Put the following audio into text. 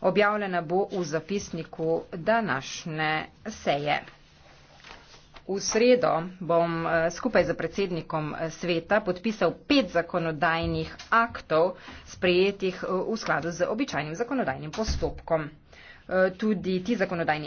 objavljena bo v zapisniku današnje seje. V sredo bom eh, skupaj z predsednikom eh, sveta podpisal pet zakonodajnih aktov, sprejetih eh, v skladu z običajnim zakonodajnim postopkom. Tudi ti zakonodajni